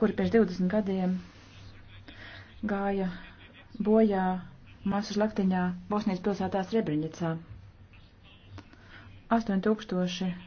kuri pirms 20 gadiem gāja bojā masu slaktiņā Bosnijas pilsētā Srebrenicā. 8000